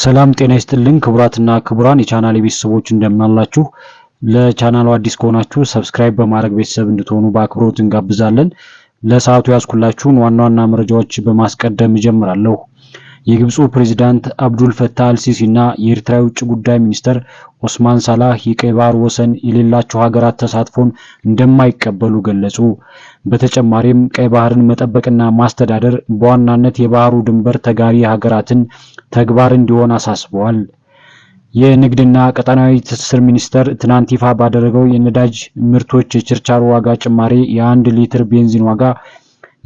ሰላም ጤና ይስጥልኝ ክቡራትና ክቡራን የቻናል ቤተሰቦች እንደምናላችሁ። ለቻናሉ አዲስ ከሆናችሁ ሰብስክራይብ በማድረግ ቤተሰብ እንድትሆኑ በአክብሮት እንጋብዛለን። ለሰዓቱ ያስኩላችሁን ዋና ዋና መረጃዎች በማስቀደም እጀምራለሁ። የግብፁ ፕሬዚዳንት አብዱል ፈታህ አልሲሲ እና የኤርትራ የውጭ ጉዳይ ሚኒስተር ኦስማን ሳላህ የቀይ ባህር ወሰን የሌላቸው ሀገራት ተሳትፎን እንደማይቀበሉ ገለጹ። በተጨማሪም ቀይ ባህርን መጠበቅና ማስተዳደር በዋናነት የባህሩ ድንበር ተጋሪ ሀገራትን ተግባር እንዲሆን አሳስበዋል። የንግድና ቀጠናዊ ትስስር ሚኒስቴር ትናንት ይፋ ባደረገው የነዳጅ ምርቶች የችርቻሮ ዋጋ ጭማሬ የአንድ ሊትር ቤንዚን ዋጋ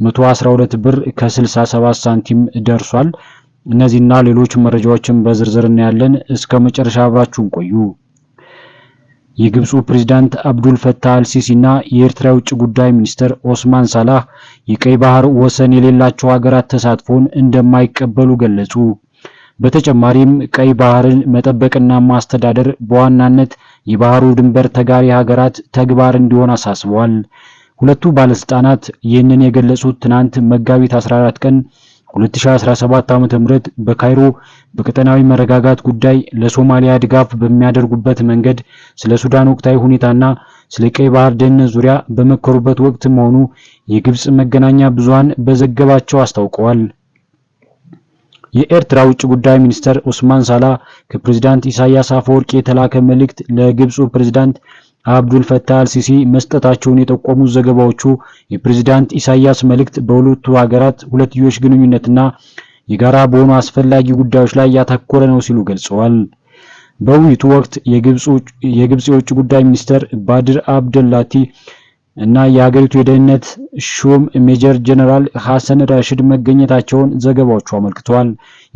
112 ብር ከ67 ሳንቲም ደርሷል። እነዚህና ሌሎች መረጃዎችን በዝርዝር እናያለን። እስከ መጨረሻ አብራችሁን ቆዩ። የግብፁ ፕሬዝዳንት አብዱል ፈታህ አልሲሲ እና የኤርትራ የውጭ ጉዳይ ሚኒስትር ኦስማን ሳላህ የቀይ ባህር ወሰን የሌላቸው ሀገራት ተሳትፎን እንደማይቀበሉ ገለጹ። በተጨማሪም ቀይ ባህርን መጠበቅና ማስተዳደር በዋናነት የባህሩ ድንበር ተጋሪ ሀገራት ተግባር እንዲሆን አሳስበዋል። ሁለቱ ባለስልጣናት ይህንን የገለጹት ትናንት መጋቢት 14 ቀን 2017 ዓ.ም በካይሮ በቀጠናዊ መረጋጋት ጉዳይ ለሶማሊያ ድጋፍ በሚያደርጉበት መንገድ ስለ ሱዳን ወቅታዊ ሁኔታና ስለ ቀይ ባህር ደህንነት ዙሪያ በመከሩበት ወቅት መሆኑ የግብጽ መገናኛ ብዙሃን በዘገባቸው አስታውቀዋል። የኤርትራ ውጭ ጉዳይ ሚኒስትር ኡስማን ሳላ ከፕሬዝዳንት ኢሳያስ አፈወርቂ የተላከ መልእክት ለግብፁ ፕሬዝዳንት አብዱል ፈታህ አልሲሲ መስጠታቸውን የጠቆሙ ዘገባዎቹ የፕሬዝዳንት ኢሳያስ መልእክት በሁለቱ ሀገራት ሁለትዮሽ ግንኙነትና የጋራ በሆኑ አስፈላጊ ጉዳዮች ላይ ያተኮረ ነው ሲሉ ገልጸዋል። በውይይቱ ወቅት የግብፅ የውጭ ጉዳይ ሚኒስትር ባድር አብደላቲ እና የሀገሪቱ የደህንነት ሹም ሜጀር ጀነራል ሐሰን ራሽድ መገኘታቸውን ዘገባዎቹ አመልክተዋል።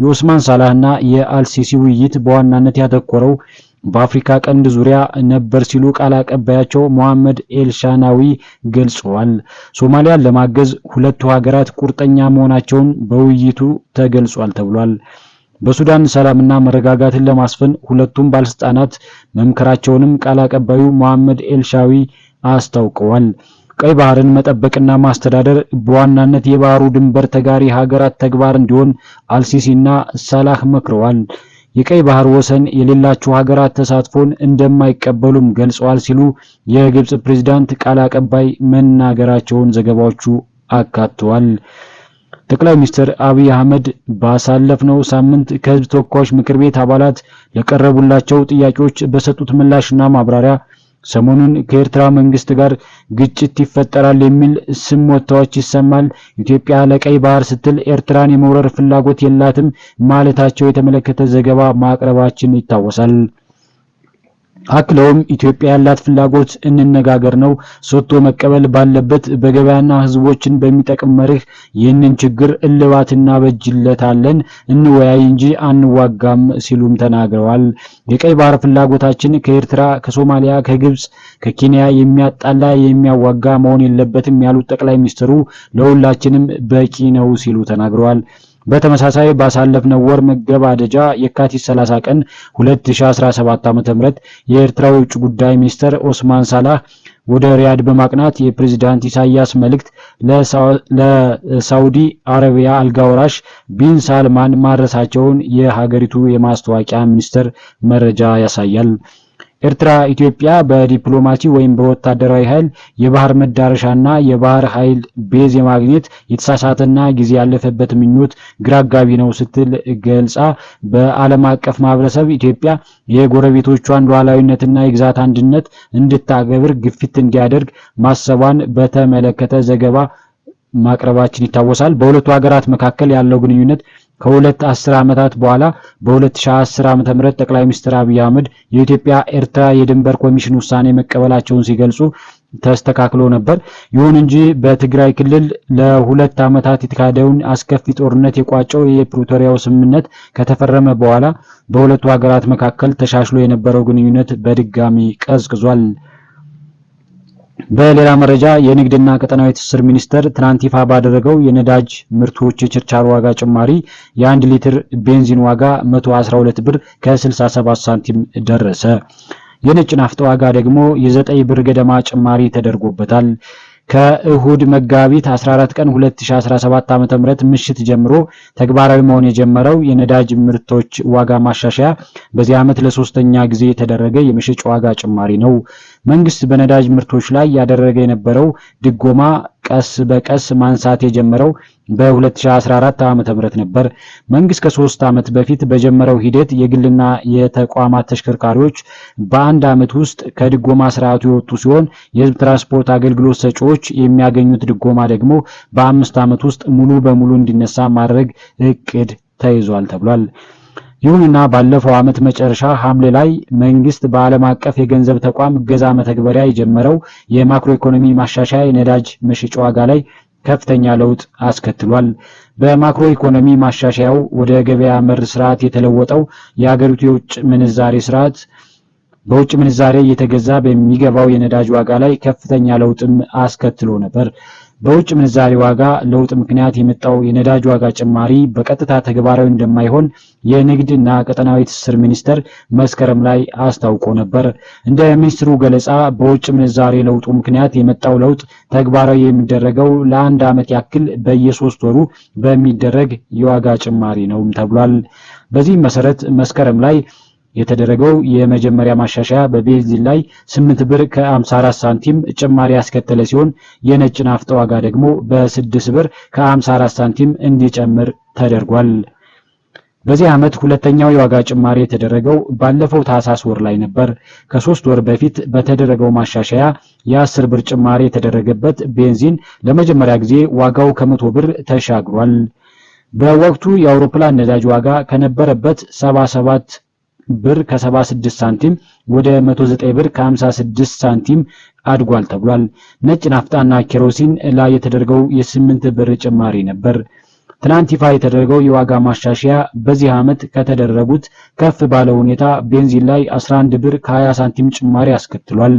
የኦስማን ሳላህ እና የአልሲሲ ውይይት በዋናነት ያተኮረው በአፍሪካ ቀንድ ዙሪያ ነበር ሲሉ ቃል አቀባያቸው ሞሐመድ ኤልሻናዊ ገልጸዋል። ሶማሊያን ለማገዝ ሁለቱ ሀገራት ቁርጠኛ መሆናቸውን በውይይቱ ተገልጿል ተብሏል። በሱዳን ሰላምና መረጋጋትን ለማስፈን ሁለቱም ባለስልጣናት መምከራቸውንም ቃል አቀባዩ ሞሐመድ ኤልሻዊ አስታውቀዋል። ቀይ ባህርን መጠበቅና ማስተዳደር በዋናነት የባህሩ ድንበር ተጋሪ ሀገራት ተግባር እንዲሆን አልሲሲና ሳላህ መክረዋል። የቀይ ባህር ወሰን የሌላቸው ሀገራት ተሳትፎን እንደማይቀበሉም ገልጸዋል ሲሉ የግብፅ ፕሬዝዳንት ቃል አቀባይ መናገራቸውን ዘገባዎቹ አካተዋል። ጠቅላይ ሚኒስትር አብይ አህመድ ባሳለፍነው ሳምንት ከህዝብ ተወካዮች ምክር ቤት አባላት ለቀረቡላቸው ጥያቄዎች በሰጡት ምላሽና ማብራሪያ ሰሞኑን ከኤርትራ መንግስት ጋር ግጭት ይፈጠራል የሚል ስም ወጥታዎች ይሰማል። ኢትዮጵያ ለቀይ ባህር ስትል ኤርትራን የመውረር ፍላጎት የላትም ማለታቸው የተመለከተ ዘገባ ማቅረባችን ይታወሳል። አክለውም ኢትዮጵያ ያላት ፍላጎት እንነጋገር ነው፣ ሰጥቶ መቀበል ባለበት በገበያና ህዝቦችን በሚጠቅም መርህ ይህንን ችግር እልባት እናበጅለታለን፣ እንወያይ እንጂ አንዋጋም ሲሉም ተናግረዋል። የቀይ ባህር ፍላጎታችን ከኤርትራ፣ ከሶማሊያ፣ ከግብፅ፣ ከኬንያ የሚያጣላ የሚያዋጋ መሆን የለበትም ያሉት ጠቅላይ ሚኒስትሩ ለሁላችንም በቂ ነው ሲሉ ተናግረዋል። በተመሳሳይ ባሳለፍነው ወር መገባደጃ የካቲት 30 ቀን 2017 ዓ.ም የኤርትራ ውጭ ጉዳይ ሚኒስትር ኦስማን ሳላህ ወደ ሪያድ በማቅናት የፕሬዝዳንት ኢሳያስ መልእክት ለሳውዲ አረቢያ አልጋውራሽ ቢን ሳልማን ማድረሳቸውን የሀገሪቱ የማስታወቂያ ሚኒስቴር መረጃ ያሳያል። ኤርትራ ኢትዮጵያ በዲፕሎማሲ ወይም በወታደራዊ ኃይል የባህር መዳረሻና የባህር ኃይል ቤዝ የማግኘት የተሳሳተና ጊዜ ያለፈበት ምኞት ግራጋቢ ነው ስትል ገልጻ በዓለም አቀፍ ማህበረሰብ ኢትዮጵያ የጎረቤቶቿን ሉዓላዊነትና የግዛት አንድነት እንድታገብር ግፊት እንዲያደርግ ማሰቧን በተመለከተ ዘገባ ማቅረባችን ይታወሳል። በሁለቱ ሀገራት መካከል ያለው ግንኙነት ከሁለት አስር ዓመታት በኋላ በ2010 ዓ.ም ጠቅላይ ሚኒስትር አብይ አህመድ የኢትዮጵያ ኤርትራ የድንበር ኮሚሽን ውሳኔ መቀበላቸውን ሲገልጹ ተስተካክሎ ነበር። ይሁን እንጂ በትግራይ ክልል ለሁለት ዓመታት የተካሄደውን አስከፊ ጦርነት የቋጨው የፕሪቶሪያው ስምምነት ከተፈረመ በኋላ በሁለቱ ሀገራት መካከል ተሻሽሎ የነበረው ግንኙነት በድጋሚ ቀዝቅዟል። በሌላ መረጃ የንግድና ቀጠናዊ ትስስር ሚኒስቴር ትናንት ይፋ ባደረገው የነዳጅ ምርቶች የችርቻሮ ዋጋ ጭማሪ የአንድ ሊትር ቤንዚን ዋጋ 112 ብር ከ67 ሳንቲም ደረሰ። የነጭ ናፍጣ ዋጋ ደግሞ የዘጠኝ ብር ገደማ ጭማሪ ተደርጎበታል። ከእሁድ መጋቢት 14 ቀን 2017 ዓ.ም ምሽት ጀምሮ ተግባራዊ መሆን የጀመረው የነዳጅ ምርቶች ዋጋ ማሻሻያ በዚህ ዓመት ለሶስተኛ ጊዜ የተደረገ የመሸጫ ዋጋ ጭማሪ ነው። መንግስት በነዳጅ ምርቶች ላይ ያደረገ የነበረው ድጎማ ቀስ በቀስ ማንሳት የጀመረው በ2014 ዓ.ም ነበር መንግስት ከሶስት ዓመት በፊት በጀመረው ሂደት የግልና የተቋማት ተሽከርካሪዎች በአንድ ዓመት ውስጥ ከድጎማ ስርዓቱ የወጡ ሲሆን የህዝብ ትራንስፖርት አገልግሎት ሰጪዎች የሚያገኙት ድጎማ ደግሞ በአምስት ዓመት ውስጥ ሙሉ በሙሉ እንዲነሳ ማድረግ እቅድ ተይዟል ተብሏል። ይሁንና ባለፈው ዓመት መጨረሻ ሐምሌ ላይ መንግስት በዓለም አቀፍ የገንዘብ ተቋም እገዛ መተግበሪያ የጀመረው የማክሮ ኢኮኖሚ ማሻሻያ የነዳጅ መሸጫ ዋጋ ላይ ከፍተኛ ለውጥ አስከትሏል። በማክሮ ኢኮኖሚ ማሻሻያው ወደ ገበያ መር ስርዓት የተለወጠው የሀገሪቱ የውጭ ምንዛሬ ስርዓት በውጭ ምንዛሬ እየተገዛ በሚገባው የነዳጅ ዋጋ ላይ ከፍተኛ ለውጥም አስከትሎ ነበር። በውጭ ምንዛሪ ዋጋ ለውጥ ምክንያት የመጣው የነዳጅ ዋጋ ጭማሪ በቀጥታ ተግባራዊ እንደማይሆን የንግድ እና ቀጠናዊ ትስስር ሚኒስቴር መስከረም ላይ አስታውቆ ነበር። እንደ ሚኒስትሩ ገለጻ በውጭ ምንዛሬ ለውጡ ምክንያት የመጣው ለውጥ ተግባራዊ የሚደረገው ለአንድ ዓመት ያክል በየሶስት ወሩ በሚደረግ የዋጋ ጭማሪ ነውም ተብሏል። በዚህም መሰረት መስከረም ላይ የተደረገው የመጀመሪያ ማሻሻያ በቤንዚን ላይ 8 ብር ከ54 ሳንቲም ጭማሪ ያስከተለ ሲሆን የነጭ ናፍጣ ዋጋ ደግሞ በ6 ብር ከ54 ሳንቲም እንዲጨምር ተደርጓል። በዚህ ዓመት ሁለተኛው የዋጋ ጭማሪ የተደረገው ባለፈው ታህሳስ ወር ላይ ነበር። ከሶስት ወር በፊት በተደረገው ማሻሻያ የ10 ብር ጭማሪ የተደረገበት ቤንዚን ለመጀመሪያ ጊዜ ዋጋው ከመቶ ብር ተሻግሯል። በወቅቱ የአውሮፕላን ነዳጅ ዋጋ ከነበረበት 77 ብር ከ76 ሳንቲም ወደ 109 ብር ከ56 ሳንቲም አድጓል ተብሏል። ነጭ ናፍጣና ኬሮሲን ላይ የተደረገው የ8 ብር ጭማሪ ነበር። ትናንት ይፋ የተደረገው የዋጋ ማሻሻያ በዚህ ዓመት ከተደረጉት ከፍ ባለ ሁኔታ ቤንዚን ላይ 11 ብር ከ20 ሳንቲም ጭማሪ አስከትሏል።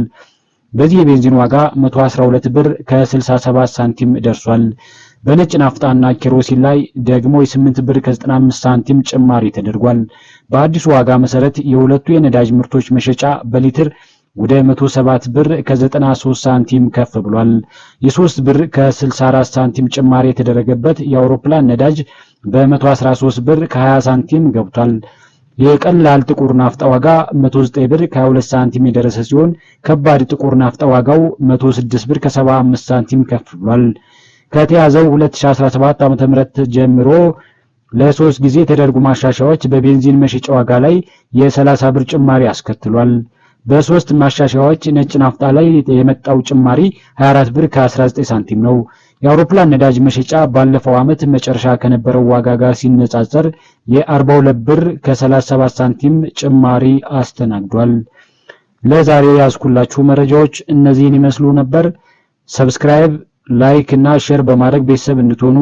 በዚህ የቤንዚን ዋጋ 112 ብር ከ67 ሳንቲም ደርሷል። በነጭ ናፍጣና ኪሮሲን ላይ ደግሞ የ8 ብር ከ95 ሳንቲም ጭማሪ ተደርጓል። በአዲሱ ዋጋ መሰረት የሁለቱ የነዳጅ ምርቶች መሸጫ በሊትር ወደ 107 ብር ከ93 ሳንቲም ከፍ ብሏል። የ3 ብር ከ64 ሳንቲም ጭማሪ የተደረገበት የአውሮፕላን ነዳጅ በ113 ብር ከ20 ሳንቲም ገብቷል። የቀላል ጥቁር ናፍጣ ዋጋ 109 ብር ከ22 ሳንቲም የደረሰ ሲሆን ከባድ ጥቁር ናፍጣ ዋጋው 106 ብር ከ75 ሳንቲም ከፍ ብሏል። ከተያዘው 2017 ዓ.ም ጀምሮ ለሶስት ጊዜ የተደረጉ ማሻሻያዎች በቤንዚን መሸጫ ዋጋ ላይ የ30 ብር ጭማሪ አስከትሏል። በሶስት ማሻሻያዎች ነጭ ናፍጣ ላይ የመጣው ጭማሪ 24 ብር ከ19 ሳንቲም ነው። የአውሮፕላን ነዳጅ መሸጫ ባለፈው ዓመት መጨረሻ ከነበረው ዋጋ ጋር ሲነጻጸር የ42 ብር ከ37 ሳንቲም ጭማሪ አስተናግዷል። ለዛሬ ያዝኩላችሁ መረጃዎች እነዚህን ይመስሉ ነበር። ሰብስክራይብ ላይክ እና ሼር በማድረግ ቤተሰብ እንድትሆኑ